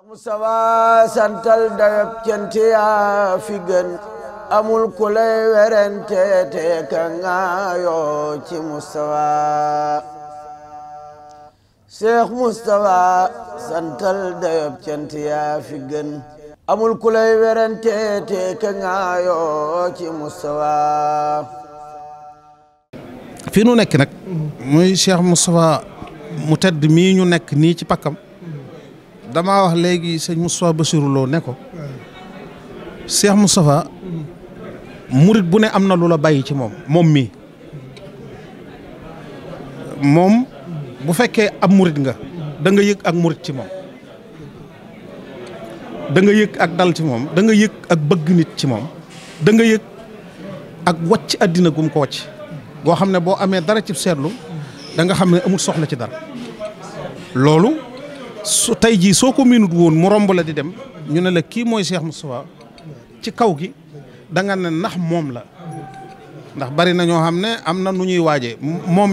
Mustafa santal dayob cante yaa fi gën amul ku lay werante te te ka ngaayoo ci Mustafa fii nu nekk nag muy Cheikh Mustafa mu tedd mii ñu nekk nii ci pakkam damaa wax léegi sëñ Moustapha Bassirou Lo ne ko Cheikh Moustapha murit bu ne am na lu la bàyyi ci moom moom mii moom bu fekkee ab murit nga da nga yëg ak murit ci moom danga nga yëg ak dal ci moom danga nga yëg ak bëgg nit ci moom da nga yëg ak wàcc àddina gum ko wàcc boo xam ne boo amee dara ci seetlu da nga xam ne amul soxla ci dara loolu su tey jii soo ko miinut woon mu romb la di dem ñu ne la kii mooy seex Cheikh Moustapha ci kaw gi da nga ne ndax moom la ndax bari nañoo ñoo xam ne am na nu ñuy waaje moom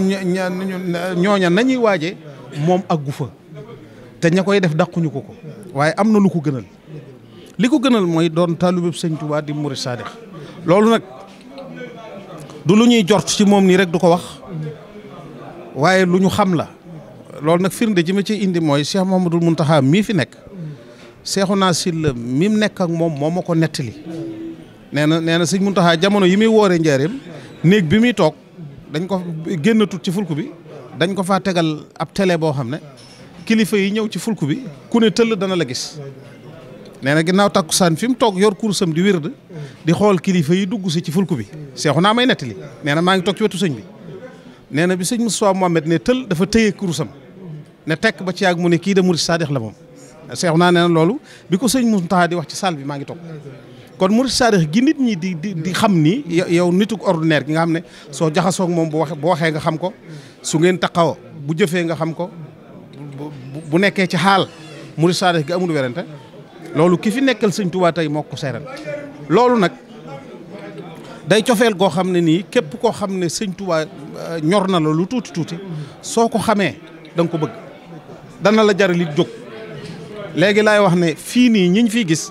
ñooña nañuy waaje moom aggu fa te ña koy def daquñu ko ko waaye am na lu ko gënal li ko gënal mooy doon taalibeb sëñ Tuubaa di murid saadix loolu nag du lu ñuy jort ci moom nii rek du ko wax waaye lu ñu xam la loolu nag firnde ji ma ci indi mooy Cheikh Mouhamadoul taxaa mii fi nekk naa silla mi mu nekk ak moom moo ma ko nettali nee na nee na sëñ Mountakha jamono yi muy wooree njaareem néeg bi muy toog dañ ko génn tut ci fulku bi dañ ko faa tegal ab télé boo xam ne kilifa yi ñëw ci fulku bi ku ne tëll dana la gis nee na ginnaaw takkusaan fi mu toog yor kursam di wird di xool kilifa yi dugg si ci fulku bi naa may nettali nee na maa ngi toog ci wetu sëñ bi nee na bi sëñ Moustapha Mohamed ne dafa tëye kursam ne tekk ba ci yàgg mu ne kii de murid saadix la moom seexu naa ne na loolu bi ko sëñ Moustapha di wax ci salle bi maa ngi toog kon murid saadix gi nit ñi di di di xam ni yow nitug ordinaire gi nga xam ne soo jaxasoog moom bu waxee nga xam ko su ngeen taqaw bu jëfee nga xam ko bu nekkee ci xaal murid saadix gi amul werante loolu ki fi nekkal sëñ tey moo ko seeral loolu nag day cofeel goo xam ne nii képp koo xam ne sëñ euh, ñor na la lu tuuti tuuti soo ko xamee da ko bëgg dana la jaral it jóg léegi laay wax ne fii nii ñiñ fiy gis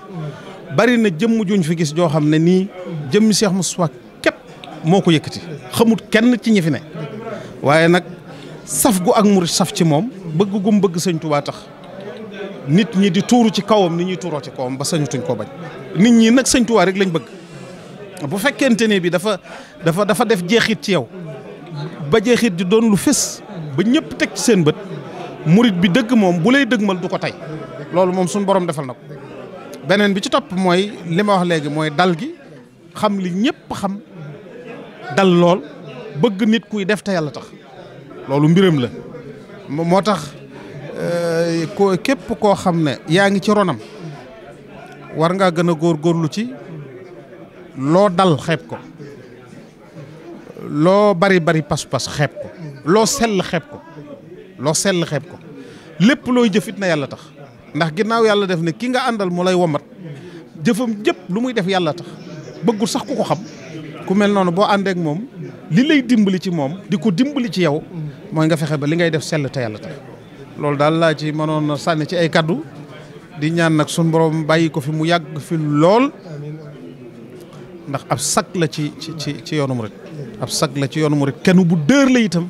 bari na jëmm juñ fi gis joo xam ne nii jëmmi Cheikh Moustapha képp moo ko yëkkati xamut kenn ci ñi fi ne waaye nag saf gu ak murit saf ci moom bëgg gum bëgg sëñ tax nit ñi di tuuru ci kawam ni ñuy tuuroo ci kawam ba sañutuñ koo bañ nit ñi nag sëñ Tuubaa rek lañ bëgg bu fekkente ne bi dafa dafa dafa def jeexiit ci yow ba jeexit di doon lu fés ba ñëpp teg ci seen bët murit bi dëgg moom bu lay dëgg dëgmal du ko tey loolu moom suñu borom defal na ko beneen bi ci topp mooy li ma wax léegi mooy dal gi xam li ñëpp xam dal lool bëgg nit kuy def te yàlla tax loolu mbiram la moo tax euh, ko képp koo xam ne yaa ngi ci ronam war ngaa gën a góorlu ci loo dal xeeb ko loo bari bari pas-pas xeeb ko loo sell xeeb ko loo sell xeeb ko lépp looy jëfit na yàlla tax ndax ginnaaw yàlla def ne ki nga àndal mu lay womat jëfam jëpp lu muy def yàlla tax bëggul sax ku ko xam ku mel noonu boo àndeek moom li lay dimbali ci moom di ko dimbali ci yow mooy nga fexe ba li ngay def sell te yàlla tax loolu daal laa ci mënoon sànni ci ay kaddu di ñaan nag suñu borom bàyyi ko fi mu yàgg fi lool ndax ab sag la ci ci ci yoonu murit ab sag la ci yoonu murit kenn bu dër la itam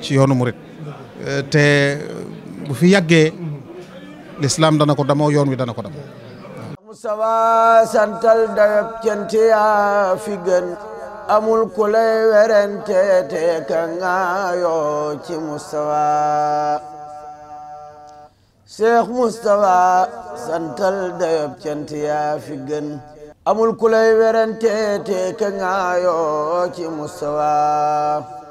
ci Euh, te euh, bu fi yàggee lislaam dana ko damoo yoon wi dana ko damoo Mustafa santal dayob cant yaa fi gën amul ku lay te ka ngaayoo ci Mustafa Cheikh Mustafa santal dayob cant yaa fi gën amul ku lay te ka ngaayoo ci Mustafa